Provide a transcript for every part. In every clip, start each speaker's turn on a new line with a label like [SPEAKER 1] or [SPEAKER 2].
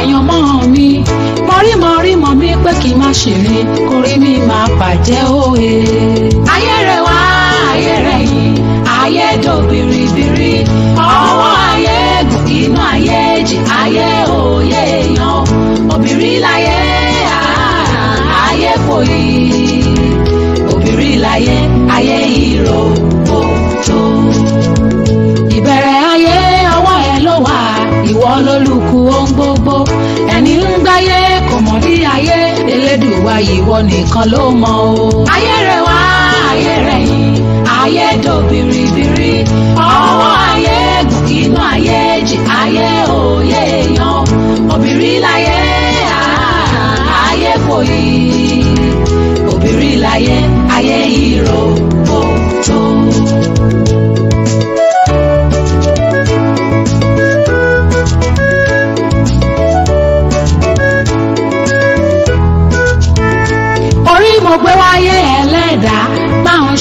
[SPEAKER 1] àyànmọ́ mi mọ̀rímọ̀rímọ̀ mi pé kí n má ṣeré orí mi máa bàjẹ́ òye. ayé rẹ̀ wá ayé rẹ̀ yìí ayé dò bìrìbìrì ọwọ́ ayé gùn inú ayé jì ayé òye èèyàn obìnrin láyé ah, ayé kò yí obìnrin láyé ayé ìró. ìwọ nìkan ló mọ o. ayé rẹ̀ wá ayé rẹ̀ yìí ayé dò bìrìbìrì ọwọ́ ayé gòkè inú ayé jì ayé òye èèyàn òbìrí láyé ayé kò yí òbìrí láyé ayé ìró tó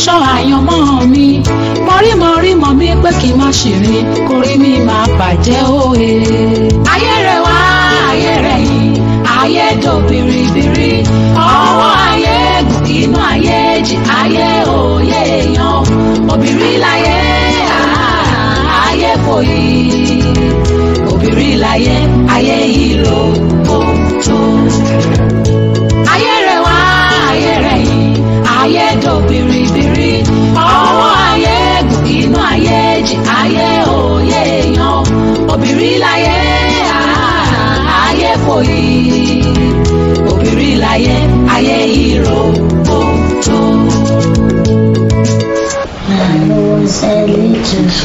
[SPEAKER 1] ṣọ́ àyànmọ́ mi mọ̀rí mọ̀rí mọ̀ mi pé kí n má ṣèrè kórí mi máa bàjẹ́ òye. ayé rẹ̀ wá ayé rẹ̀ yìí ayé dò bìrìbìrì ọwọ́ ayé gòkè inú ayé jì ayé òye èèyàn obìnrin láyé ah, ayé fòyì obìnrin láyé.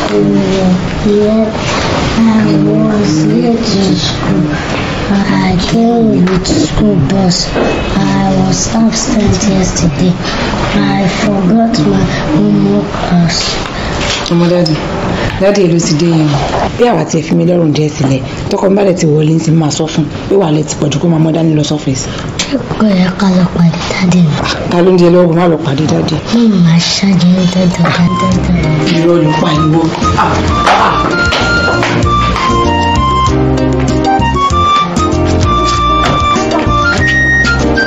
[SPEAKER 1] Julia yet and was late to school. I came with school bus. I was absent yesterday. I
[SPEAKER 2] forgot my homework class. ọmọ dáàdì dáàdì èlò ti dé yẹn bí àwa ti fi mi lọ́rùn díẹ̀ sílẹ̀ tọkọ ń bá lẹ̀ ti wọlé ń ti máa sọ fún pé wàá lẹ̀ ti pọ̀jù kó máa mọ́ dání lọ sọ́fẹ̀sì
[SPEAKER 3] kò yẹ ká lọ pàdé
[SPEAKER 2] dáadé ni. ta ló ń jẹ lọ́wọ́ má lọ pàdé dáadé.
[SPEAKER 4] mo máa ṣáájú ní dandan ká dandan. irọ́ ló
[SPEAKER 2] pariwo. Ah, ah.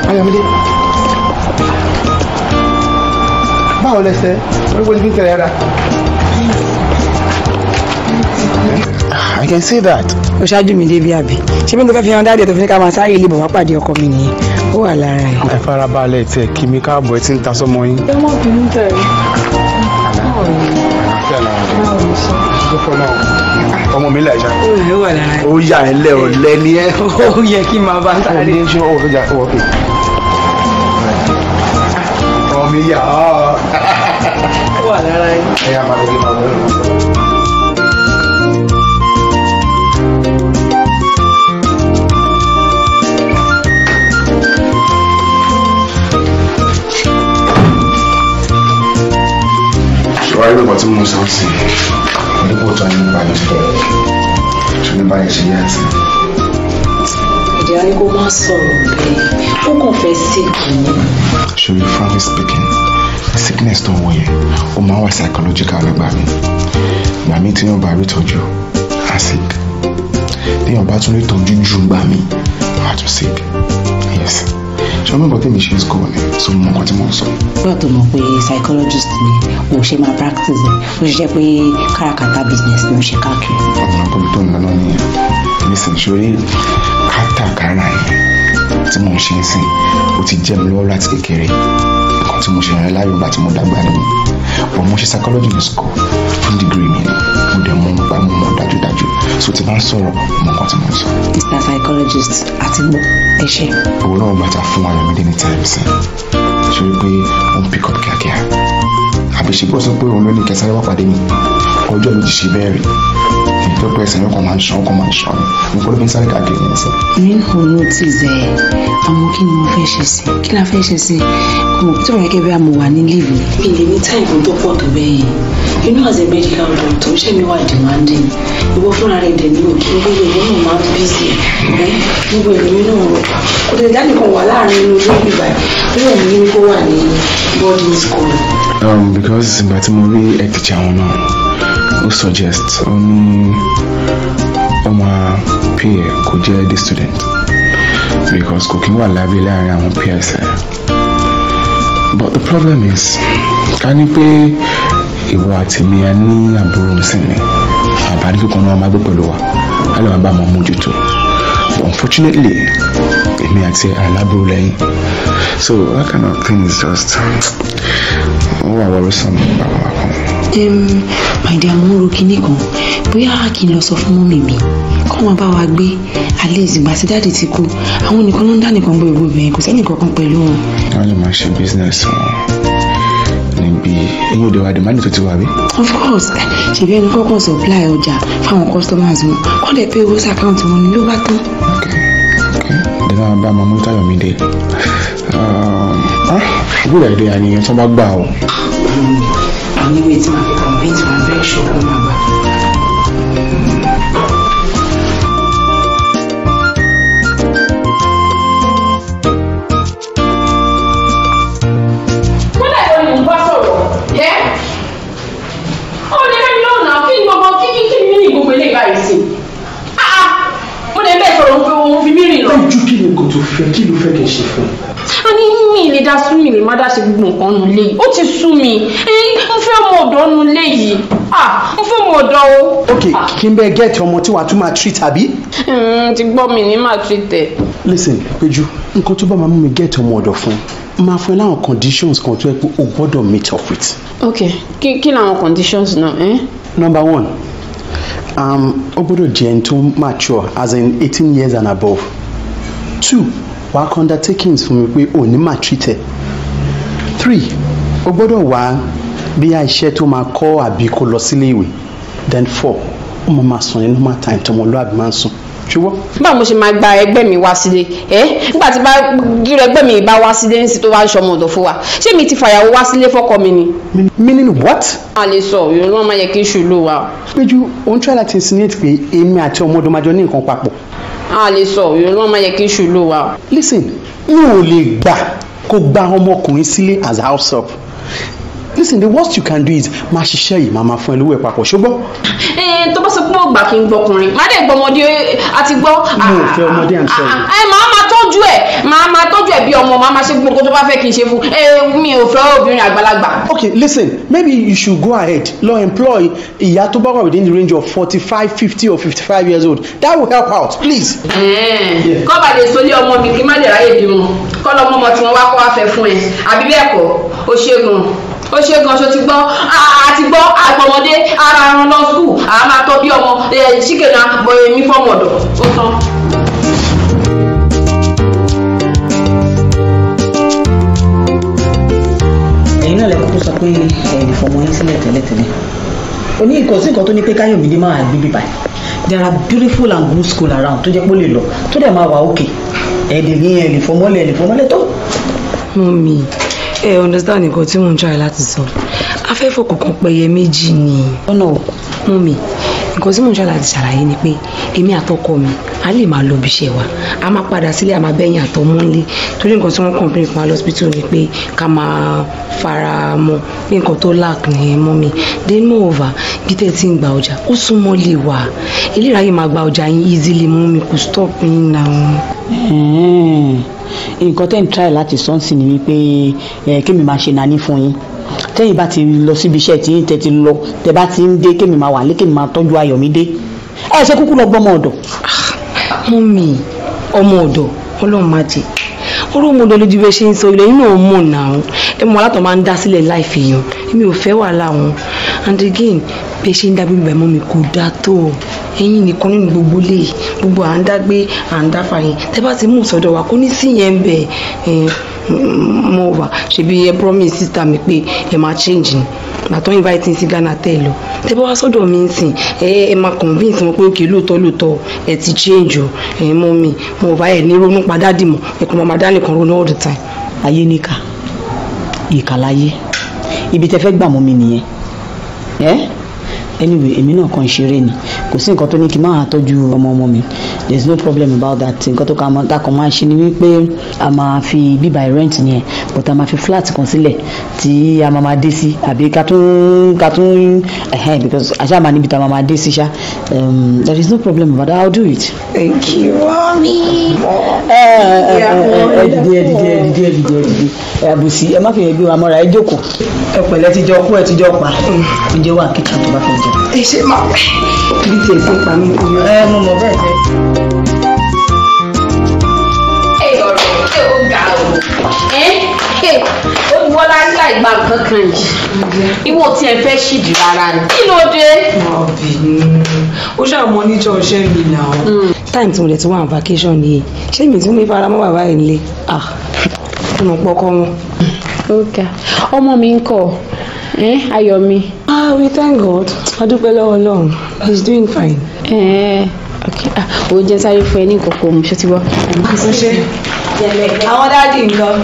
[SPEAKER 5] ayọ̀mídé
[SPEAKER 4] báwo lẹsẹ̀ wọ́n gbọ́dọ̀ bí n tẹ̀lé ara. I can see that. o ṣáájú mi débi àbí ṣé bí n tó fẹ́ fi hàn dáadé tó fi ká máa sáré
[SPEAKER 5] ilé bọ̀ pàdé ọkọ mi nìyẹn ó wà lára ẹ̀. ẹ farabalẹ̀ tiẹ̀ kí mi káàbọ̀ ẹ ti ń ta sọ́mọ yín.
[SPEAKER 1] ẹ
[SPEAKER 3] mọ̀ bínú tẹ̀lé.
[SPEAKER 5] ọmọ mi làjà. ó yà ẹ lẹ ọ̀lẹ ni ẹ. ó yẹ kí n máa bá sáré. ọmọ mi
[SPEAKER 3] yà
[SPEAKER 1] ọ́. ó wà lára ẹ. ẹ yà máa lè gbé màmú ẹ.
[SPEAKER 5] wáyé pé nǹkan tí mo sọ sí àdúgbò tó ní báyìí sọ tó ní báyìí ṣe yá sí.
[SPEAKER 2] ìdí ayé kó má sọ̀rọ̀ bẹ́ẹ̀ ó kàn fẹ́ síkì
[SPEAKER 5] ni. ṣòro frankly speaking sickness tó ń wọ yẹn ó máa ń wà psychological nígbà mi ìgbà mi tí yóò bá rí ìtọ́jú á sick téèyàn bá tún rí ìtọ́jú jù gbà mí á tún sick ṣọlá nǹkan tèmi ṣe ń school ni so mo mọ nǹkan tí mo sọ.
[SPEAKER 2] bro tó mọ̀ pé psychologist ni mo ṣe máa practice ẹ̀
[SPEAKER 5] ó ṣe jẹ́ pé káràkátà business ni mo ṣe káàkiri. ọ̀nà àbúrò tó ń lọ náà nìyẹn nísìn sórí kátàkárà yìí tí mo ń ṣe ń sìn ó ti jẹ́ mi lọ́wọ́ láti kékeré nǹkan tí mo ṣe rìn láyò ìgbà tí mo dàgbà ni but mo ṣe psychology ní school fún degree mi mo dẹ̀ mọ̀ nípa mo mọ̀ dájúdájú so ti bá ń sọ̀rọ̀ mọ̀ nǹkan tí mo ń sọ. mr psychologist àti gbọ́ ẹ ṣe. òun náà bàtà fún Ayọ̀mídé ní times ṣe wípé ó ń pick up kíákíá àbíṣe bọ́sọ̀ pé òun ló ní kẹsàn-án wá pàdé mi ọjọ́ mi ti ṣe bẹ́ẹ̀ rí tó pẹ́ ẹsẹ̀ náà kò máa ń ṣan kò máa ń ṣan nǹkan ló fi ń sáré káàkiri ní ẹsẹ̀.
[SPEAKER 2] mi ò notice ẹ àmọ́ kí ni mo fẹ́ ṣe sí kí la fẹ́ ṣe sí mo tó rẹ gẹ́gẹ́ bí a mọ̀ wà ní leave ni. èdè ní táìpù tó pọ̀ tó bẹ́ẹ̀ yẹn inú àti medical doctor ṣé mi wà demanding ìwọ fúnra rẹ̀ dẹ̀ ní òkè gbogbo ìwọ náà máa ń bísí ẹ gbogbo ìlú náà kò tẹ̀ dá nìkan wà láàrin inú ilé ìgbà yóò ní kó wà ní boarding school.
[SPEAKER 5] Um, because ìgbà tí mo rí ẹ ti jẹun náà people suggest um, ọmọ peer kò jẹ́ the student because kò kí wà lábẹ́ láàrin àwọn peers ẹ̀ but the problem is ká ní pé ìwọ àti mi a ní àbúrò sínú àbárí kíkan náà máa gbé pẹ̀lú wa a lè máa bá àwọn mójútó but unfortunately èmi àti alábúrò lẹ́yìn so that kind of thing is just ó wà worrisome bàbá kan
[SPEAKER 2] my dear mo ń ro kinní kan bóyá kí n lọ sọ fún mọ́mì mi kó wọn bá wa gbé alẹ́ ìsìgbà tí dáàdì ti kú àwọn nìkan ló ń dá nìkan gbé gbogbo yẹn kò sẹ́ni kankan pẹ̀lú wọn.
[SPEAKER 5] wọ́n lè máa ṣe business wọn níbi eyín òde wa dèmánì tó ti wà bí.
[SPEAKER 2] of course ṣèbí ẹni kọ́kàn supply ọjà fáwọn customers wọn kọ́ dẹ̀ pé owó sí àkáǹtì wọn ni ló bá tán. ok
[SPEAKER 5] ok dèmá bá ọmọ mọ́tò ayọ̀ mi dé. ìbúra ìdè àníyàn tó bá gbà ó
[SPEAKER 2] ní ìwé tí màá fi convince my bank shop ó máa gbà. ojú
[SPEAKER 6] kí ni kò ah, ah, tó
[SPEAKER 5] fẹ́ kí ló fẹ́ kí n ṣe fún un.
[SPEAKER 6] a ní mi lè dá sú mi lè má dá ṣe gbogbo nǹkan nù lé o ó ti sú mi ọ̀dọ́ nu ilé yìí ah mo fẹ́ mọ ọ̀dọ́ o. ok ah.
[SPEAKER 5] kí n bẹ gẹ́ẹ̀tì ọmọ tí wàá tún máa treat àbí.
[SPEAKER 6] Hmm, ti gbọ́ mi ní máa treat ẹ̀.
[SPEAKER 5] listen Péjú nǹkan tó bá máa mú mi gẹ́ẹ̀tì ọmọ ọ̀dọ̀ fún máa fún ẹ láwọn conditions kan tó yẹ pé o gbọ́dọ̀ meet up with.
[SPEAKER 6] ok kí kí làwọn conditions náà. Eh?
[SPEAKER 5] number one um, o gbọ́dọ̀ jẹ́ ẹni tó mature as in eighteen years and above two wàá kọ́ undertakings fún mi pé o ní máa treat ẹ three o gbọ́dọ̀ wàá bí a iṣẹ́ tó máa kọ́ àbí kó lọ sílé ìwé then four ó máa máa sùn ní normal time tó ọmọlúwàbí máa ń sùn ṣùgbọ́n.
[SPEAKER 6] báwo mo ṣe máa gba ẹgbẹ́ mi wá sílé ẹ nígbà tí gírò ẹgbẹ́ mi bá wá sílé ní tó wá ń ṣọmọ ọ̀dọ̀ fún wa ṣé mi ti fàyàwó wá sílé fọ́kọ mi ni. meaning what. a lè sọ yorùbá máa yẹ kí iṣu ló wa. péjú òun tí wàá láti insinuate pé èmi àti ọmọdé ní nǹkan papọ̀. a lè sọ yorùbá máa yẹ kí iṣu ló
[SPEAKER 5] wa. listen mi ò lè gbà kó gba ọmọkùnrin sílé as house up listen the worst you can do is máa ṣiṣẹ́ yìí máa máa fún ẹ lówó ẹ papọ̀ ṣùgbọ́n. ẹ eh, ẹ eh, tó bá sọ
[SPEAKER 6] pé mo gbà kí n gbọkùnrin má dé gbọmọdé àti gbọ́. mo ò fẹ́ ọmọdé à ń sọ yìí. ẹ máa máa tọ́jú ẹ máa máa tọ́jú ẹ bí ọmọ máa máa ṣe gbogbo tó bá fẹ́ kí n ṣe fún ẹ eh, mi ò fẹ́ obìnrin àgbàlagbà.
[SPEAKER 5] okay listen maybe you should go ahead lọ employ ìyá tó bá wà within the range of forty five fifty or fifty five years old that will help out please.
[SPEAKER 6] kọ́ bàdé sọlé ọmọ mi kí má lè ráyè bímọ kọ́ lọ́mọ ọmọ tí wọ́n wá kọ́ wá fẹ́ fún ẹ àbí bẹ́ẹ̀ kọ́ ó ṣe é gan ó ṣe gan ṣo ti gbọ́ àti gbọ́ àpọ̀mọdé ara ẹran lọ skul àá máa tọ́ bí ọmọ ṣìkèna èmi fọ́mọ ọ̀dọ̀ ó tán.
[SPEAKER 4] ẹ̀yin náà lẹ́kọ̀ọ́ tó sọ pé ẹ̀yìn fọmọ yín sílẹ̀ tẹ́lẹ̀tẹ́lẹ̀ o ní nǹkan sí nǹkan tó ní pé káyọ̀mídé máa gbé bíbá there are beautiful and good school around tó jẹ́ pé ó lè lọ tó dẹ̀ máa wà òkè ẹ̀ẹ́dẹ̀ ní ẹ̀lì fọmọ́lẹ̀ ẹ̀lì fọmọ́lẹ̀ tó. mummy ẹ understand nǹkan tí mò ń try
[SPEAKER 2] láti sọ afẹ́fọ́ kọ̀ọ̀kan pẹ̀yẹ méjì ni ọ̀nà òkú mú mi nǹkan tí mò ń try láti ṣàlàyé ni pé èmi àtọkọ mi a lè máa lọ ibi iṣẹ́ wa a máa padà sílé a máa bẹ́yìn àtọmọ́lé torí nǹkan tí wọ́n complain pa lọ́sibítù ni pé ká máa fara mọ́ pé nǹkan tó lack ni mọ́ mi then moreover gítẹ́ tí ń gba ọjà ó súnmọ́ lè
[SPEAKER 4] wà eléyàá yìí máa gba ọjà yín easily mú mi kò stop yín náà nǹkan tẹ́ ń try láti sọ́ǹsì ni wípé kémi máa ṣe nání fún yín tẹ́yìn bá ti lọ síbi iṣẹ́ tí tẹ́ ti lọ tẹ́ bá ti ń dé kémi máa wà lé kémi máa tọ́jú Ayọ̀mídé ẹ ṣe kúkú lọ gbọ́mọ ọ̀dọ̀. mú mi ọmọ ọ̀dọ̀
[SPEAKER 2] ọlọ́run má jẹ́ orú mo dọ̀lú ju bẹ́ẹ̀ ṣe ń sọ ilẹ̀ yìí náà mọ̀ náà ẹ mọ̀ látọ̀ máa ń dá sílẹ̀ láìfi èmi ò fẹ́ wàhálà wọn and again bẹ́ẹ̀ ṣe ń dábìí bàmọ́ mi kò dáa tó o ẹ̀yin nìkan nínú gbogbo lè gbogbo à ń dágbé à ń dáfà yẹn bá ti mú ìsọdọ̀ wa kó ní sí yẹn ń bẹ̀ mọ wà ṣebí ẹ promise sister mi pé ẹ máa change ni gbàtọ́ invite sí Ghana tẹ́ ẹ lọ tẹ́ bá wá sọ́dọ̀ mi ń sìn ẹ ẹ máa convince wọn pé òkè lóòótọ́ lóòótọ́ ẹ ti change o ẹ mọ mi mo bá ẹ ní ronú padà
[SPEAKER 4] dì ẹ kò máa dá nìkan ronú all the time. ayé níkà ìkà láyé ibi tẹ́ fẹ́ gbà mọ́ mi nìyẹn ẹ anyway èmi náà kàn ń ṣeré ni kò sí nǹkan tó ní kí n máa tọ́jú ọmọ ọmọ mi there is no problem about that nǹkan tó kàn máa ṣe ni wípé a máa fi bíbá rent yẹn but máa fi flat kan sílẹ̀ tí a máa máa dé sí àbí ká tún ká because àṣà máa níbi tá a máa máa dé sí ṣá um, there is no problem about that i do it. thank you
[SPEAKER 3] mami. ẹ ẹ ẹ
[SPEAKER 4] dìde ẹ dìde ẹ dìde ẹ dìde ẹ dìde ẹ àbùsí eh, ẹ má fi yẹn gbé wa mọ́ra ẹ jókòó. ẹ pẹ̀lẹ́ ti jọ kú ẹ ti jọ pa oúnjẹ mm. wà kíkà tó bá fẹ́ jẹ. ẹ ṣe máa bí tèsí pa mí. ẹ eh, mo mọ bẹ́ẹ̀ bẹ́ẹ̀.
[SPEAKER 6] rárá ní láì gba nǹkan kan yìí ìwọ tí ẹ fẹ́ ṣìdí rárá ni kí ló dé. ọbì
[SPEAKER 2] ó ṣàmọ níjọ iṣẹ́ mi náà. Hmm. Time tí mo lè ti wá vacation ni ṣé mi tún mi fara mọ́ bàbá yìí nílé ah mo pọkọ wọn. Hmm. ọmọ mi ń kọ́
[SPEAKER 6] eh, ayọ̀ mi. ah we thank god adúpẹ́ lọ́wọ́ ọlọ́run he is doing fine. Eh, okay ah òun jẹ́ sáré fún ẹ ní kòkó mo ṣe ti wá.
[SPEAKER 1] àwọn dáàdi nǹkan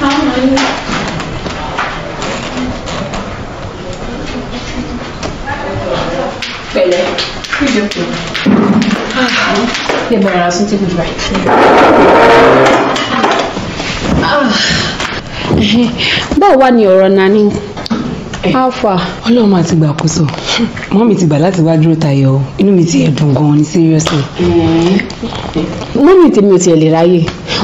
[SPEAKER 3] pẹ̀lẹ́ ìjọpọ̀
[SPEAKER 6] lè ah. bẹ̀rẹ̀ ara sún tébù báyìí. Ah. báwo wá ni
[SPEAKER 2] ọ̀rọ̀ nani eh. alfa ọlọ́run àti gbàkóso mọ́ mi ti gbà láti wá dúró
[SPEAKER 6] tayọ inú mi ti ẹ̀dùn gan-an ni seriously. mọ́ mi tèmi ò tiẹ̀ lè ráyè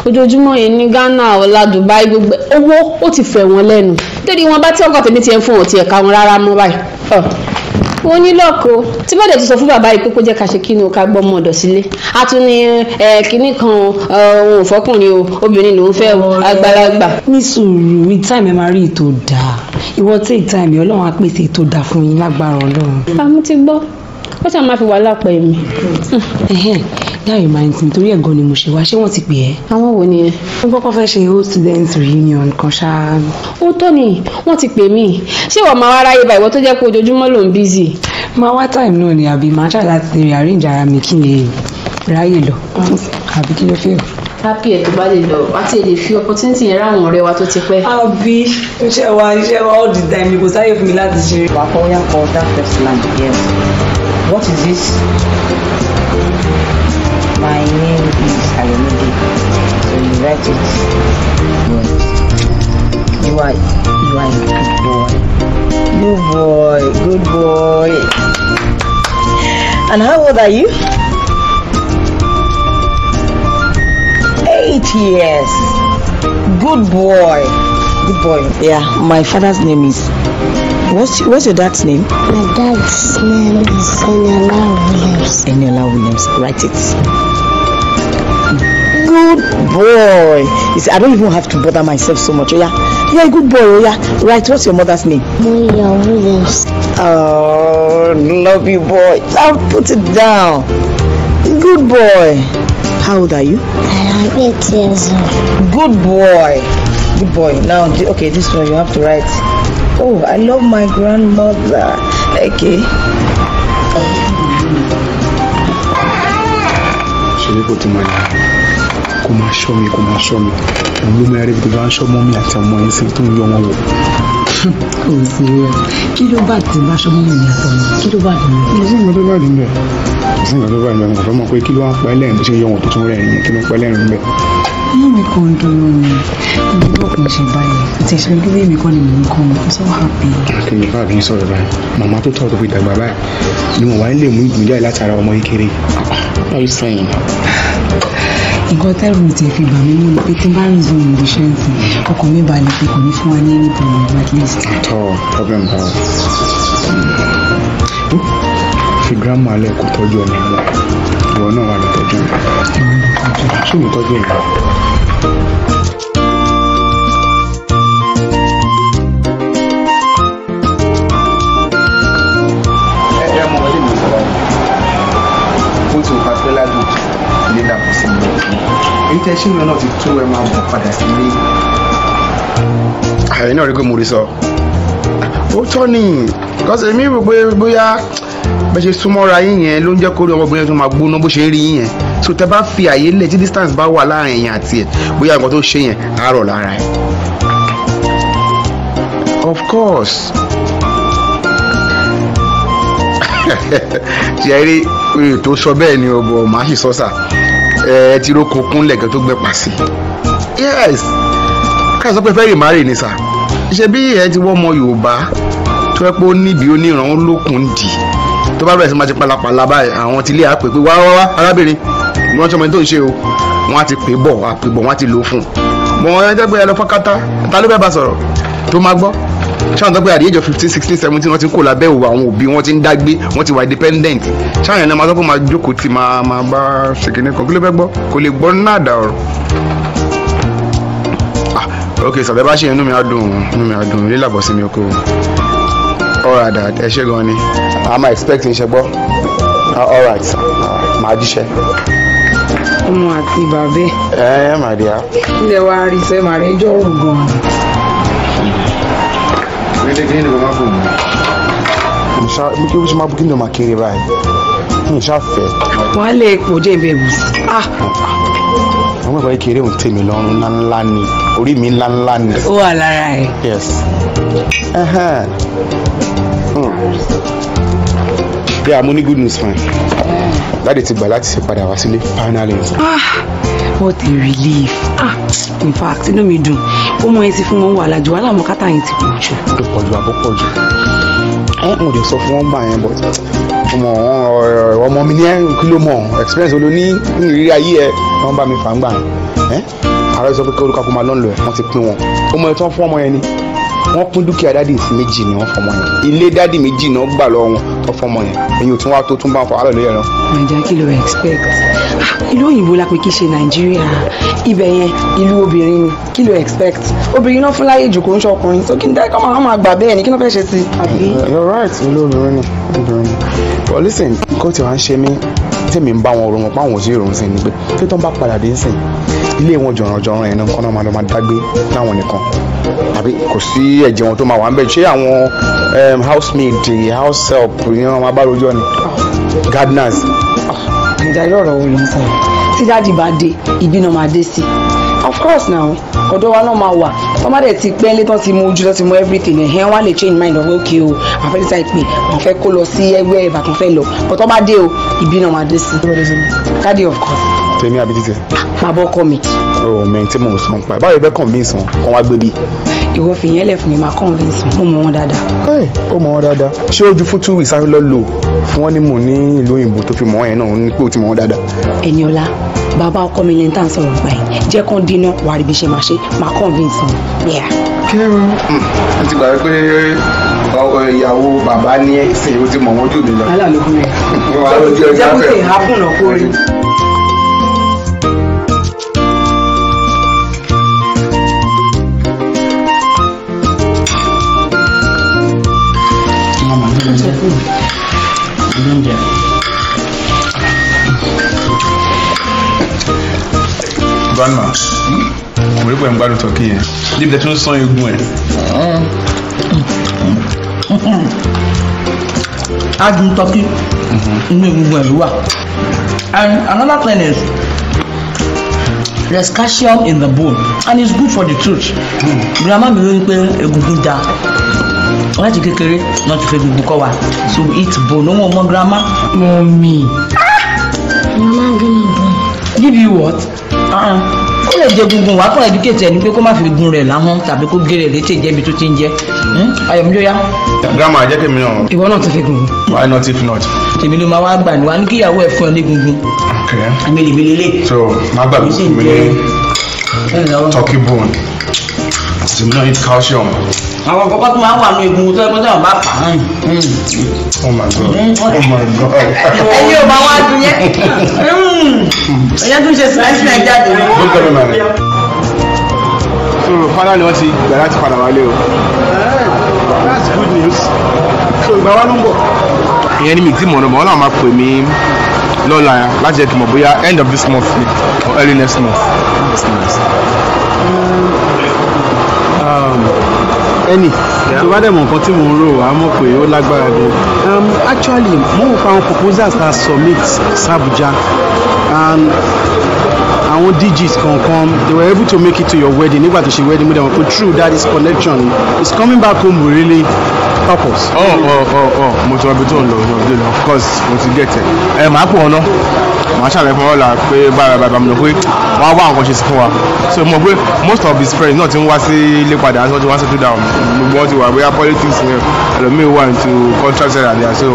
[SPEAKER 6] ojoojúmọ́ yẹn ní Ghana ọ̀la Dubai gbogbo owó ó ti fẹ̀ wọ́n lẹ́nu dédé wọn bá tí ọkọ̀ tèmi tiẹ̀ fún ọ̀ tiẹ̀ ká wọn rárá mọ́ báyìí wọ́n ní lọ́ọ̀kọ́ tí bọ́dẹ ti sọ fún bàbá yìí pé kó jẹ́ ká ṣe kíni o ká gbọ́ ọmọ ọ̀dọ̀ sílé a tún time ẹ máa rí ètò
[SPEAKER 2] dáa time ọlọ́run á pèsè ètò dáa fún yín lágbára ọlọ́run. àmì ti gbọ́ ó sì máa fi wàhálà pẹ̀ mí that reminds me torí ẹ̀gàn ni mo ṣe wá ṣé wọ́n ti pè
[SPEAKER 6] ẹ́. àwọn wo ni ẹ. wọ́n kọ́kọ́ fẹ́ ṣe old student reunion kan ṣá. ó tọ́ ni wọ́n ti pè mí ṣé ìwọ máa wá ráyè bá ìwọ tó jẹ́ pé ojoojúmọ́ ló ń bízì. máa wá time náà ni
[SPEAKER 2] àbí máa ṣáà láti rí arrange ara mi kí n lè ráyè lọ àbí kí ló fẹ́ o
[SPEAKER 6] happy ẹ̀ tó bá lè lọ àti èlè fi opportunity yẹn ráwọn ọ̀rẹ́ wa tó ti pẹ́. àbí iṣẹ́ wa iṣẹ́ wa all the time ni kò sáyè fún mi láti ṣe. wà á kọ́ yà kọ́ that first land yes
[SPEAKER 2] what
[SPEAKER 1] is this. my name is Ayomide. So you write it. You are you are
[SPEAKER 4] a good boy. Good boy, good boy. And how old are you? Eight years. Good boy. Good boy. Yeah, my father's name is What's what's your dad's name? My dad's name is Eniola Williams. Eniola Williams. Write it. Good boy. You see, I don't even have to bother myself so much. Oh, yeah. You're yeah, a good boy. Oh, yeah. Right. What's your mother's name? Maria Williams. Oh, love you, boy. I'll put it down. Good boy. How old are you? I am eight years old. Good boy. Good boy. Now, okay, this one you have to write. Oh, I love my grandmother. Okay.
[SPEAKER 5] Should we put to my kó máa ṣọ́ mi kó máa ṣọ́ mi òun ló máa rí ibi tó bá ń ṣọ́ mọ́ mi àti ọmọ yẹn sí tó ń yọ wọn wò.
[SPEAKER 2] òṣèré kí ló bá ti bá ṣọ́ mọ́ mi àti ọmọ kí ló bá dùn mí. kí ló sì ń gbọdọ̀ bá
[SPEAKER 5] dùn mí sí nǹkan tó bá ń bẹ nǹkan tó mọ pé kí ló wá ń pa ẹlẹ́rìn tó ṣe yọ wọn tó tún rẹ̀ yẹn kí ló pa ẹlẹ́rìn ń bẹ. inú mi
[SPEAKER 2] kò ń dúró ni ibi bó kàn ṣe báyìí ìtẹ̀sẹ̀ lórí mi kọ́ ni mò ń kọ́ mi I'm so happy.
[SPEAKER 5] kí ni báàbí sọ̀rọ̀ báyìí màmá tó tọ̀ tó fi dàgbà báyìí ni mo wà ń lè mú ìgbìyànjú láti ara ọmọ yìí kéré. báyìí sẹ́yìn
[SPEAKER 2] nǹkan tẹ́rù mi tiẹ̀ fi bà mí mú ni pé tí n bá rìn zone ìlú ṣe ń sìn ọkàn mi balẹ̀ pé kò ní fún wa ní any problem at
[SPEAKER 5] least. tọ problem bá wa fi grandma alẹ kò tọ́jú ọmọ ẹ lọ náà wà lọ tọ́jú ẹ ṣé mo tọ́jú ẹ. tẹ́ṣí yẹn náà ti tó ẹ máa bọ̀ padà sílé. àyè náà rí pé mo rí sọ ó tọ́ nìyí kọ́sẹ̀ mi rò pé bẹ́ẹ̀ ṣe súnmọ́ra yín yẹn ló ń jẹ́ kórè ọmọbìnrin tó máa gbóná bó ṣe ń rí yín yẹn so tẹ bá fi àyè lẹ̀ tí distance bá wà láàrin yẹn àti ẹ̀ bóyá nǹkan tó ṣe yẹn á lára ẹ̀. of course ṣe eré tó sọ bẹ́ẹ̀ ni ọ̀bọ̀ màá sì sọ́sà ẹ ti roko kúnlẹ̀ gan tó gbẹ pàṣẹ yes ká sọ pé fẹ́ rìmárì ni sà ṣe bí ẹ ti wọ́ ọmọ Yorùbá tó ẹ pé ó níbi oníran ó lókun dì tó bá bẹ̀rẹ̀ sí máa ti palapàla báyìí àwọn ti lé àpè pé wá wá wá arábìnrin ni wọ́n ti ọmọ ẹni tó ń ṣe o wọ́n á ti pè bọ̀ àpè bọ̀ wọ́n á ti lò fún un mọ̀ wọ́n ẹjẹ́ pé ẹ lọ fọ́n ta ló fẹ́ bá sọ̀rọ̀ tó máa gbọ́ ṣáà tó pé at the fifteen sixteen seventeen wọ́n ti ń kó lábẹ́ òwò àwọn òbí wọ́n ti ń dágbé wọ́n ti wà independent ṣáà yẹn náà máa sọ pé máa jókòó tí máa máa bá ṣèkínní kan kí ló fẹ́ gbọ́ kò lè gbọ́ náà dà ọ̀rọ̀ ah, ok sọ̀bẹ́ bá ṣe inú mi á dùn inú mi á dùn lílàbọ̀ sí mi oko alright dad ẹ ṣe gan ni i'm expecting ṣe gbọ́ ah, alright sir ah, màá jíṣẹ́.
[SPEAKER 2] ọmọ àti bàbá
[SPEAKER 5] ẹ ẹ màdìá.
[SPEAKER 2] ilé wa rí màrí jọ̀rọ̀
[SPEAKER 5] Kíni ni kò máa fún mi? Nṣá bí kí o ṣe máa bú kí ni o máa kéré báyìí? Nṣá fẹ́.
[SPEAKER 2] Wọ́n á lè pò jẹ́ ìbẹ̀rù.
[SPEAKER 5] Àwọn ìpàdé kéré òun tèmi lọ́rùn ńláńlá ni orí mi ńláńlá ni. Ó wà lára ẹ̀. E. Yes. Bí a mú ní good news fine, dáàdi ti gbà láti ṣe padà wá sílé finally what a
[SPEAKER 2] relief ah in fact inú mi dùn ó mọ etí fún wọn wà lájú wàhálà mọ kátà yẹn ti pọ̀
[SPEAKER 5] jù. ó pọ̀ jù àbó pọ̀ jù ẹ mo lè sọ fún wọn gbà yẹn but ọmọ ọmọ mi ní kí ló mọ experience ló ní ìrírí ayé ẹ wọn bá mi fà ń gbà yẹn ààrẹ sọ pé kí olùkọ́ kó máa lọ́nlọ́ ẹ̀ wọ́n ti pín wọn ó mọ ẹ̀ tí fún ọmọ yẹn ni wọ́n pín dúkìá dádì méjì ni wọ́n fọmọ yẹn ilé dádì méjì náà gbà lọ́wọ́ wọn fọmọ yẹn èyí ò tún wá tó tún bá wọn fọwọ́ lórí ẹ̀rọ.
[SPEAKER 2] ǹjẹ́ kí ló expect ah, ìlú òyìnbó la pé kí ṣe nàìjíríà ibẹ̀ yẹn ìlú obìnrin ni kí ló expect obìnrin náà fún láyé ìjòkó ń ṣọkùnrin so kí n dákọ́ máa máa gbà bẹ́ẹ̀ ni kí ló fẹ́ ṣe sí.
[SPEAKER 5] you're right olóòrùn ni obìnrin ni but listen kó tí wàá ń ṣe mí tèmi ń bá wọn ronú pa àwọn òṣèré òun sìn ni pé tí tó ń bá padà dé sìn ilé wọn jọ̀rànjọ̀ràn ẹ̀nà kọ́nà máa lọ máa dágbé láwọn nìkan àbí kò sí ẹ̀jẹ̀ wọn tó máa wà ń bẹ̀ ṣé àwọn housemaid house help ni wọn máa bá rojọ́ ni gardeners.
[SPEAKER 2] ìdájọ́ ọ̀rọ̀ wo ló ń sọ tí dáàdì bá dé ìbínú máa dé sí i course now ọ̀dọ̀ wa náà máa wà tọ́mọ́ dẹ̀ ti pẹ́ létán ti mú ojú lọ́ ti mú everything ẹ̀ hẹ́n wá lè change mind ọ̀gbẹ́ òkè o àfẹ́sísà ìpè wọ́n fẹ́ kó lọ sí ẹgbẹ́ ẹ̀bà tó fẹ́ lọ but tọ́ bá dé o ìbí náà máa dé sí daddy of course.
[SPEAKER 5] tèmi àbí títẹ. máa bọ́ kọ́ mi. o mẹ́rin tí mo sọ ń pa ẹ̀ báwo ẹ fẹ́ convince wọn kọ́ wá gbé bí. ìwọ fi yẹn lẹ fún mi máa convince mo mọ wọn dáadáa. ẹ ó mọ wọn dáadáa ṣé ojú fún two weeks sáré lọ lò fún wọn ní mò ní ìlú òyìnbó tó fi mọ ẹ náà ní pé ó ti mọ wọn dáadáa.
[SPEAKER 2] ẹni ọlá bàbá ọkọ mi yẹn tá à ń sọ̀rọ̀ nípa ẹ̀ jẹ́ kán dínà wà á rí bí ṣe máa ṣe máa convince wọn.
[SPEAKER 5] kírun hmm. mo ti gbàgbé pé eh, ìyàwó bàbá ní ẹsẹ̀ o ti mọ̀ wọ́n jù mí lọ. aláàlú kúrẹ́. wọ́n á jẹ́ kó ṣe
[SPEAKER 2] ìhákùn náà kórè.
[SPEAKER 5] torí pé ẹ̀ ń gbádùn tọ́kì yẹn níbi tẹ́ tún ń sán eegun ẹ̀.
[SPEAKER 4] adùn tọ́kì mhm. inú egungun ẹ̀ ló wà and another thing is there's calcium in the bone and it's good for the tooth. Hmm. grandma mi ló ní pé egungun da láti kékeré náà ti fẹ́ gbogbo kọ́ wa to eat bone òun ọmọ grandma. mọ̀ mi.
[SPEAKER 3] grandma gonna bone.
[SPEAKER 4] give you what? Uh-uh ó lè jẹ gungun wàá kàn ẹdúkẹ́tì ẹni pé kó má fi gun rẹ̀ láhọ́n tàbí kó gé létí ìjẹ́bi tó ti ń jẹ́ hmm? ayọ̀míjọ́yá. grandma jẹ́ kí mi náà. ìwọ náà ti fi gungun. why not if not. tèmi ló máa wá
[SPEAKER 5] gbà ní wa ní kíyàwó ẹ̀ fún ẹ ní gungun. ok àmì ìbí lélẹ̀. so má gbàgbé fún ní turkey bone. tèmi náà eat calcium àwọn kọ́kọ́ tó máa ń wà ní egun tó ẹgbẹ́ táwọn bá pa á. Hmm, hmm. oh my god hmm, oh my god. ẹyin ò bá wá dun yẹn ẹyẹ tún ṣe sìláìsì náà jáde. don't tell me my so finally, ni wọn ti gbà láti padà wálé o. that's good news. so ìgbà wa ló ń bọ̀. ìyẹn ni mi ti mọ̀ ọ́nà bọ̀ ọ́n náà máa pè mí lọ́la láti jẹ́ mọ̀ bóyá end of this month ni or early next month. That's nice. um, ẹnì tó bá dẹ̀ mọ̀ nǹkan tí mò ń rò á mọ̀ pé ó lágbára gan. Um, actually mo ń pa àwọn proposals that submit sàbújá and àwọn DJs kankan they were able to make it to your wedding nígbà tó ṣe wedding mo dẹ̀ wọ́n pé true that is connection is coming back home with really purpose. ọ ọ ọ ọ mo ti wá ibi tó ń lọ ọjọ́ ìdílé of course mo ti get ẹ ẹ màá pọ̀ ọ́nà màá ṣàlàyé fún ọ́là pé báyìí báyìí báyìí lọ pé wọ́n á wá nǹkan ṣe sí fún wa so mo pé most of his friends náà ti ń wá sí ilé padà àti wọ́n ti wá sí dúdà gbogbo wọn ti wà bóyá politics yẹn ẹlòmíín wà into contract side àdìyà so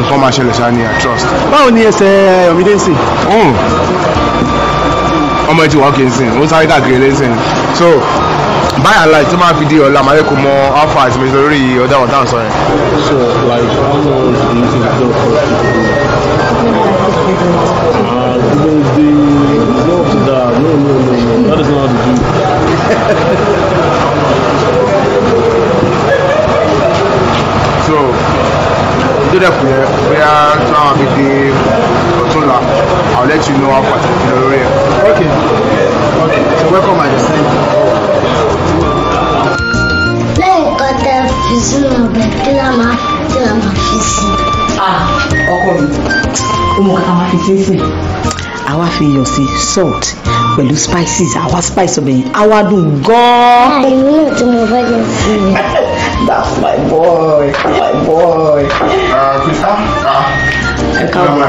[SPEAKER 5] nǹkan máa ṣẹlẹ̀ ṣáá ni i trust. báwo ni ẹsẹ̀ ọ̀mídẹ́sì ọmọ ẹ ti wọ́ọ̀kì ń sìn ó sáré káàkiri lé sìn so by and large tó máa fi di ọ̀la màá lè kó mọ alpha àti mẹsàn lórí ọ̀dà wọn táwọn sọ yẹn. so like how much do you think it's gonna cost you to do it? Uh, even the result to that no no no no that is not how to do it. so tó dẹ̀ kù yẹn bóyá tí wọ́n á fi di ọ̀tún la I will let you know how far to do it. Okay. So welcome, my
[SPEAKER 3] Lẹ́yìn kan tẹ fi sínú ọbẹ̀ kí la máa kí la máa fi sí. Ọkọ
[SPEAKER 4] mi, ọmọ kàkà máa fi sí sí. Àwa fi iyọ̀ sí salt pẹ̀lú spices àwa spice ọbẹ̀ yẹn àwa dùn gan-an. náà tí mo fẹ́ jẹ sí i. That's my boy, my boy. Ah, ah. Ẹ káàbọ̀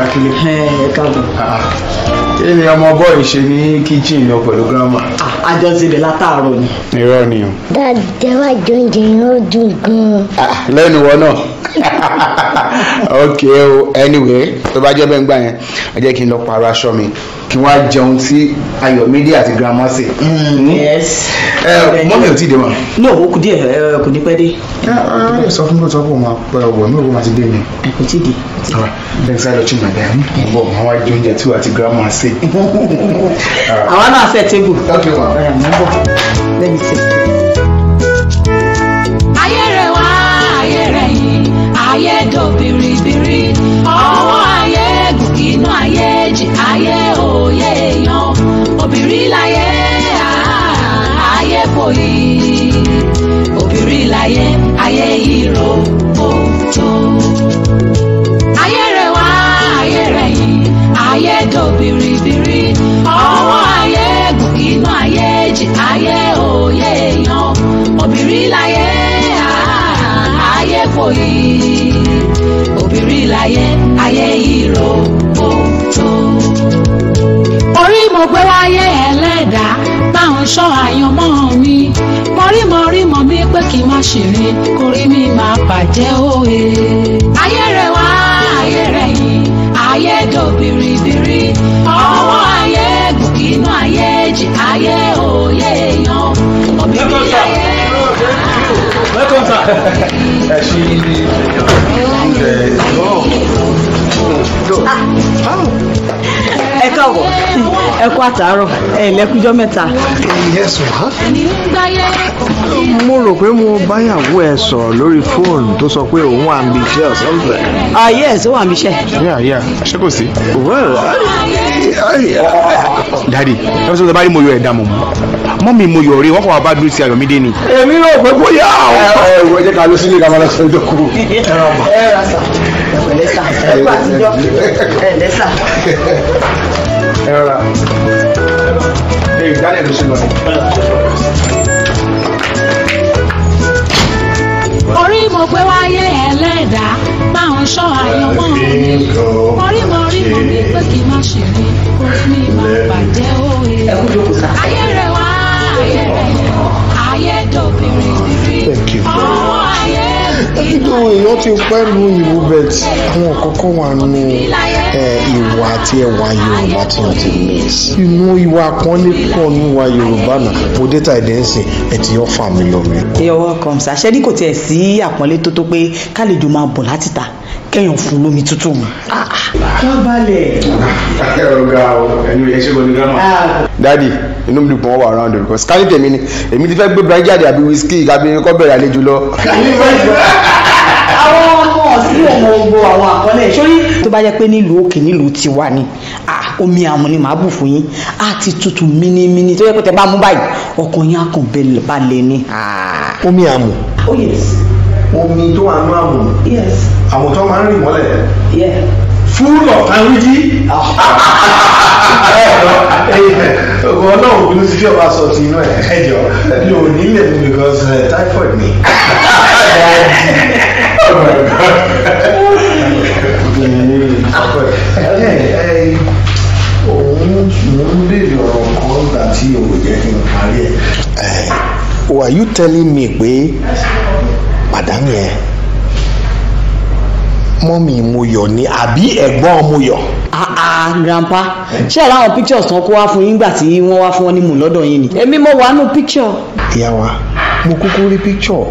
[SPEAKER 4] ẹ káàbọ̀ kí ni ọmọ bọ́ọ̀lù ṣe ní kíchìn lọ pẹ̀lú gírámà. àjọṣebẹ̀ látàárọ̀ ni.
[SPEAKER 5] irọ́ ni o.
[SPEAKER 3] dáadáa wá jọ oúnjẹ yẹn ó dùn gan-an.
[SPEAKER 5] lẹ́nu wọn náà ok o anyway tó bá jẹ́ bẹ́ẹ̀ ń gbà yẹn ẹ jẹ́ kí n lọ pààrọ̀ aṣọ mi kí wọ́n á jẹun tí Ayọ̀mídé àti grandma sè. Mm, hmm? yes. ẹ mọ́mí ò tí ì dé wọn. no o kù díẹ̀ kò ní pẹ́ dé. Ah, ah, ah, ẹ sọ fún mi sọ fún mi pé ọwọ́ mi ò kó máa ti dé mi. ẹ kò tí ì dé. ẹ sáré lọ tún màdá mi bọ̀ wọ́n wá jẹ oúnjẹ tí wọ́n àti grandma sè. àwa náà fẹ́
[SPEAKER 4] tébù. ok ma. ọ̀rẹ́ mi bọ̀ lẹ́mi sè.
[SPEAKER 3] ayé rẹ̀ wá ayé rẹ̀ yìí ayé dòbìrì.
[SPEAKER 1] yìí obìnrin láyé ayé yìí ro ó tó. ayé rẹ̀ wá ayé rẹ̀ yìí ayé do biribiri ọwọ́ ayé
[SPEAKER 3] gùn inú ayé jì ayé òye yan
[SPEAKER 1] obìnrin láyé ayé kò
[SPEAKER 3] yìí obìnrin láyé ayé yìí ro
[SPEAKER 1] orí mo gbé wáyé ẹ̀ olùṣọ́ àyànmọ́ mi mọ̀rímọ̀rímọ̀ mi pé kí n má ṣeré orí mi máa bàjẹ́ òye. ayé rẹ̀ wá ayé rẹ̀ yìí ayé dò biribiri ọwọ́ ayé gòkè inú ayé jì ayé òye èèyàn òbírí ayé
[SPEAKER 5] ẹ̀ṣin ni
[SPEAKER 1] ẹ̀yọ́
[SPEAKER 5] ẹ̀ lọ́ọ̀
[SPEAKER 4] káàbọ̀. ẹ kú àtàárọ̀ ẹ lẹ́kújọ́ mẹ́ta. mo rò pé mo báyàwó
[SPEAKER 5] ẹ sọ̀rọ̀ lórí fóònù tó sọ pé òun àmìṣẹ́ or something.
[SPEAKER 4] ah yes ó àmìṣẹ́.
[SPEAKER 5] yeah yeah ṣé kò sí. well dadi ẹ sọ bá rí mo yọ ẹ dá mọ mọ mi mo yọ rí wọn kọ wá bá dúró sí Ayọ̀mídé ni. èmi rò pé bóyá àwọn. ẹ ẹ wọ́n jẹ́ ká lọ sílé ká máa lọ sọ ẹjọ́ kúrò. ẹ rà
[SPEAKER 4] sà ẹ pẹ̀lẹ́ sà ẹ pàtijọ́ ẹ lẹ́sà
[SPEAKER 5] ẹ rọra ẹ ìdálẹ̀ ló ṣe lọ.
[SPEAKER 1] orí mo gbé wáyé ẹlẹ́dà máa ń ṣọ́ àyànmọ́ mi orí mo rí mo ní pé kí n má ṣe rí kó ní má bàjẹ́ òye ayé rẹ̀ wá ayé rẹ̀ ayé dòbìrì bìrì ọ̀hún ayé
[SPEAKER 5] nígbà àwọn èèyàn ti pẹ́ lu ìlú bet àwọn kọ̀ọ̀kan wà nù ìwà àti ẹwà yorùbá tí wọ́n ti miss. inú ìwà àpọ́nlé pọ̀ ní ìwà yorùbá náà pòdétà ìdẹ́nsìn ẹ̀ ti yọ fà mí lọ mi.
[SPEAKER 4] you're welcome sir ṣé ní kò tiẹ̀ sí àpọ́nlé tó tó pé kálejò máa bọ̀ láti ta kẹyàn fún lómi tútù mu. Ah, ah. ká balẹ̀.
[SPEAKER 5] ẹ ọ̀gá o ẹnu yẹn ṣe kò ní gánà. Ah. dádì inú mi dùn pọ̀ wọ́n wà around because káyọ̀ tèmi ni èmi ti fẹ́ gbé bẹ́ẹ̀ jáde àbí wíṣkì ni kọ́ bẹ̀rẹ̀ àlejò lọ.
[SPEAKER 4] àwọn ọmọ ọ̀sìn ọmọ gbogbo àwọn àkọlé sórí. tó bá jẹ́ pé nílùú òkè nílùú tiwa ni omi àmọ́ ni màá bù fún yín á ti tutù mínímíní tó yẹ pé tẹ bá mú báyìí ọkàn yín á kàn balẹ̀ ni. omi àmọ́. oh
[SPEAKER 5] yes. omi tó wà nú àmọ́. yes. àmọ́ tó máa ń rìn mọ́lẹ̀. yeah. full of tanriji ọgbọ́n náà òbínú ti fi ọba sọ ti inú ẹ̀ ẹ̀jọ̀ mi ò ní lè mú because typhoid mi. òun béèrè ọ̀rọ̀ kan nígbà tí òun jẹ́ kí n parí ẹ̀. were you telling me pé
[SPEAKER 4] madam yẹn mọ́mì mo yọ̀ ni àbí ẹ̀gbọ́n mo yọ̀ grandpa ṣé ẹ pictures tán kó wá fún yín gbà tí wọ́n wá fún wọn ní mò lọ́dọ̀ yín ni. èmi mo wà nù picture. ìyá wa mo kúkú rí picture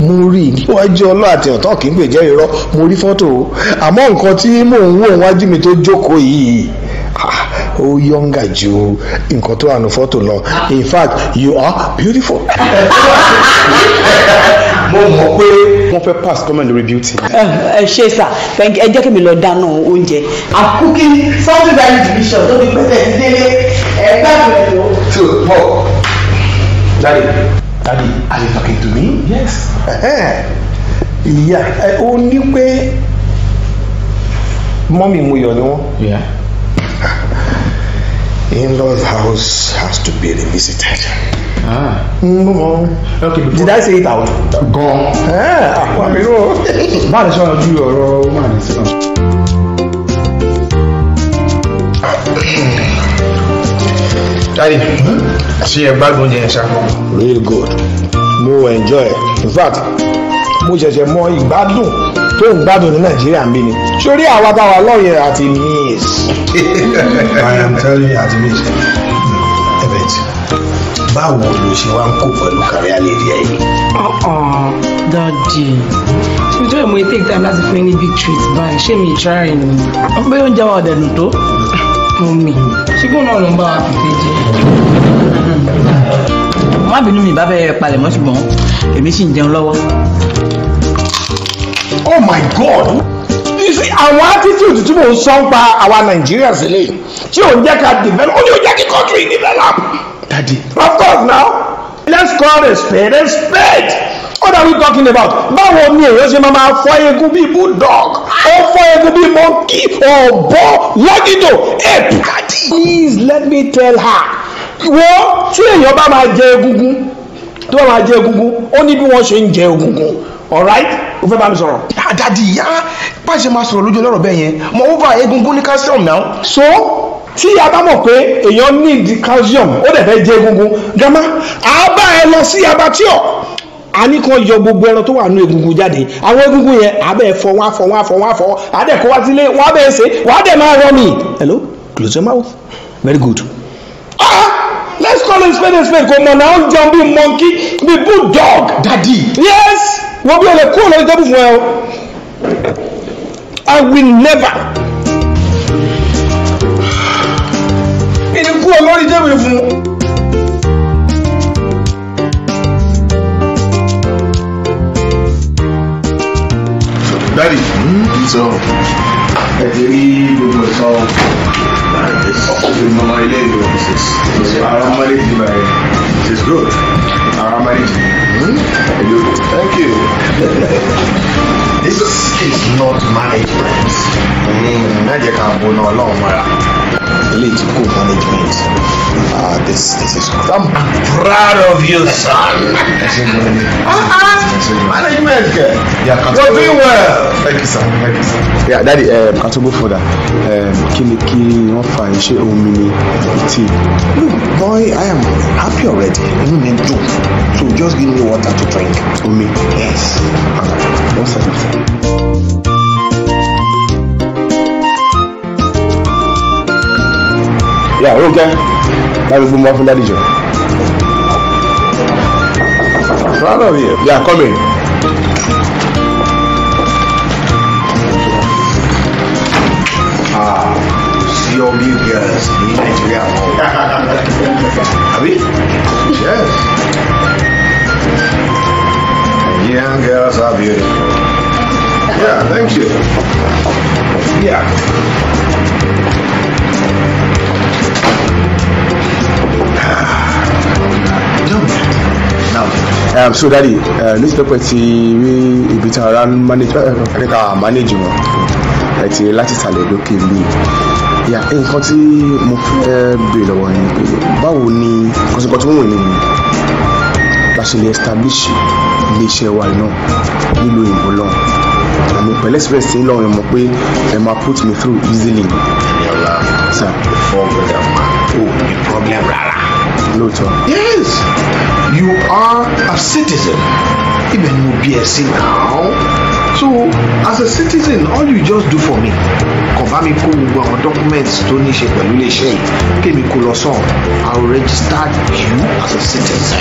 [SPEAKER 5] mo rí i níwájú ọlọ́ àti ọ̀tọ̀ kì í gbèjẹ́ irọ́ mo rí fọ́tò àmọ́ nǹkan tí mò ń wò wájú mi tó jókòó yìí Ah, ó yọ̀ǹgà ju nǹkan tó wà ní fọ́tò lọ in fact you are beautiful.
[SPEAKER 4] mo mọ̀ pé wọ́n fẹ́ pass comment lórí beauty. ẹ ṣe sà ẹ jẹ́ kí mi lọ dáná oúnjẹ. I'm cooking something very delicious tó fi pẹ́sẹ̀ sí délé
[SPEAKER 1] ẹgbẹ́ àgbẹ̀rẹ̀ o.
[SPEAKER 4] so
[SPEAKER 5] paul daddy daddy are you talking to me. yes. Eh, eh, ìyá eh, ó ní pé mọ́mì mu yọ̀ ni wọ́n. Yeah in-laws house has to be revisited. Ah. Mm mm-hmm. on. okay, before... did I say it out? Gone. gan. àpò àmì rò. báwo ni sọ́nà you, or woman ní sílẹ̀. Daddy, see ẹ bad oúnjẹ yẹn ṣá. real good More enjoy in fact more just a more bad ìgbádùn tó ń gbádùn ní nàìjíríà ń bí ni sórí àwa táwa lọ́yẹ̀ àti miss. I am telling you àti miss event báwo ló ṣe wá ń kó pẹ̀lú kárí àlejò ẹ̀yìn.
[SPEAKER 2] dadi ṣùgbọ́n ìjọba ìmọ̀ take time láti pín ní big treat báyìí ṣé mi ìtura rẹ̀ nìyí.
[SPEAKER 4] ọ̀pẹ oúnjẹ wa ọ̀dẹ̀ lò tó mọ̀ mi ṣùgbọ́n náà ló ń bá wa fìfẹ́ jẹ mm. má bínú mi bá bẹ́ẹ̀ palẹ̀mọ́ ṣùgbọ́n èmi sì ń jẹun lọ́wọ́ oh my god you see àwọn attitude
[SPEAKER 5] tí mò ń sọ ń pa àwa nàìjíríà sílẹ̀ tí ò ń jẹ́ ká develop ó ní ò jẹ́ kí country develop. dadi of course now let's call respect respect what are we talking about báwo ni èèyàn ṣe máa máa fọ eegun bíi bulldog ó fọ eegun bíi monkey ọ̀bọ lọ́gìdò ape dadi please let me tell her wo tí èèyàn bá máa jẹ egungun tó bá máa jẹ egungun ó ní bí wọ́n ṣe ń jẹ egungun alright o fẹ́ bá mi sọ̀rọ̀. àdàdì ìyá pàṣẹ máa sọ̀rọ̀ lójú ọlọ́rọ̀ bẹ́ẹ̀ yẹn mọ over egungun ní calcium náà. so tí a bá mọ̀ pé èèyàn need calcium ó dẹ̀ fẹ́ jẹ egungun grandma àbá ẹ lọ sí abattoir a ní kàn yọ gbogbo ẹran tó wà nínú egungun jáde àwọn egungun yẹn àbẹ̀ fọ wá fọ wá fọ wá fọ àdẹ̀ kó wá sílé wá bẹ́ẹ̀ ṣe wá dẹ̀ máa rọ mi. hello close your mouth very good. ah let's call it spade a spade kò mọ̀ náà ó jẹun bí monkey bí bulldog daddy. yes wọ́n bí ọ̀lẹ̀ kúrò lórí tẹ́bù fún ẹ o I will never kúrò lórí tẹ́bù fún. Daddy, hmm? so ẹ ti rí gbogbo ẹ̀sán ọkùnrin ọmọ ilé ìlú ara mọ́lẹ́jì báyìí. It is good. Ara mọ́lẹ́jì. Hmm? Thank you. this is not management. Nàìjíríà kan bo náà ọlọ́run mọ́ra. Ilé ti management. Ah, this this is good. I'm proud of you, son.
[SPEAKER 1] Ah, ah.
[SPEAKER 5] management You're doing well. Thank you, sir. Thank you, sir. Yeah, daddy, um, ká tó go further. Um, ni kí wọ́n fa iṣẹ́ omi ni ìtì? Look, boy, I am happy already. Inú mi dùn. So just give me water to try drink. Omi. Yes. One second. Yeah, okay. That will be more from that region. Proud of you. Yeah, come in. Ah, see your big girls in Nigeria.
[SPEAKER 3] we? Yes.
[SPEAKER 5] Yeah, girls are beautiful.
[SPEAKER 3] Yeah, thank you. Yeah.
[SPEAKER 5] Ah. Um, so daddy uh, newspaper ti rí ibi tí ara manage ẹ̀ka eh, manage wọn ẹ̀ ti láti sàlẹ̀ lókè lù yà nǹkan tí mo fẹ́ bèèrè lọ́wọ́ yín báwo ni kọ́sìkọ́sì wọn ò ní bá ṣe lè establish iléeṣẹ́ wa náà nílùú òyìnbó lọ́hùn àmì pẹ̀lú express ti ń lọ́rùn mọ̀ pé ẹ máa put me through easily. ìyọ̀lá ọ̀gbẹ̀dà ò ní problem rárá. lóòótọ́. yes you are a citizen ibẹ̀ ni mo bí ẹ sí náà so as a citizen all you just do for me kàn bá gbogbo àwọn documents tó ní ṣe pẹ̀lú iléeṣẹ́ yìí kémi kó lọ sàn i will register you as a citizen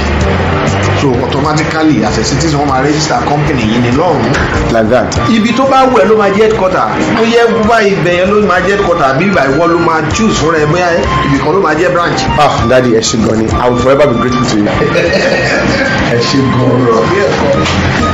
[SPEAKER 5] so automatically as a citizen wọ́n máa register company yìí ní lọ́rùn. like that. ibi tó bá wẹ̀ ló máa jẹ́ headquarter ó yẹ wá ibẹ̀ yẹn ló máa jẹ́ headquarter àbí ìgbà ìwọ ló máa choose fúnra ẹ bóyá ibì kan ló máa jẹ́ branch. ah Daddy, ẹ ṣe gan ni i will forever be grateful to you.
[SPEAKER 1] ẹ ṣe gan ọ̀rọ̀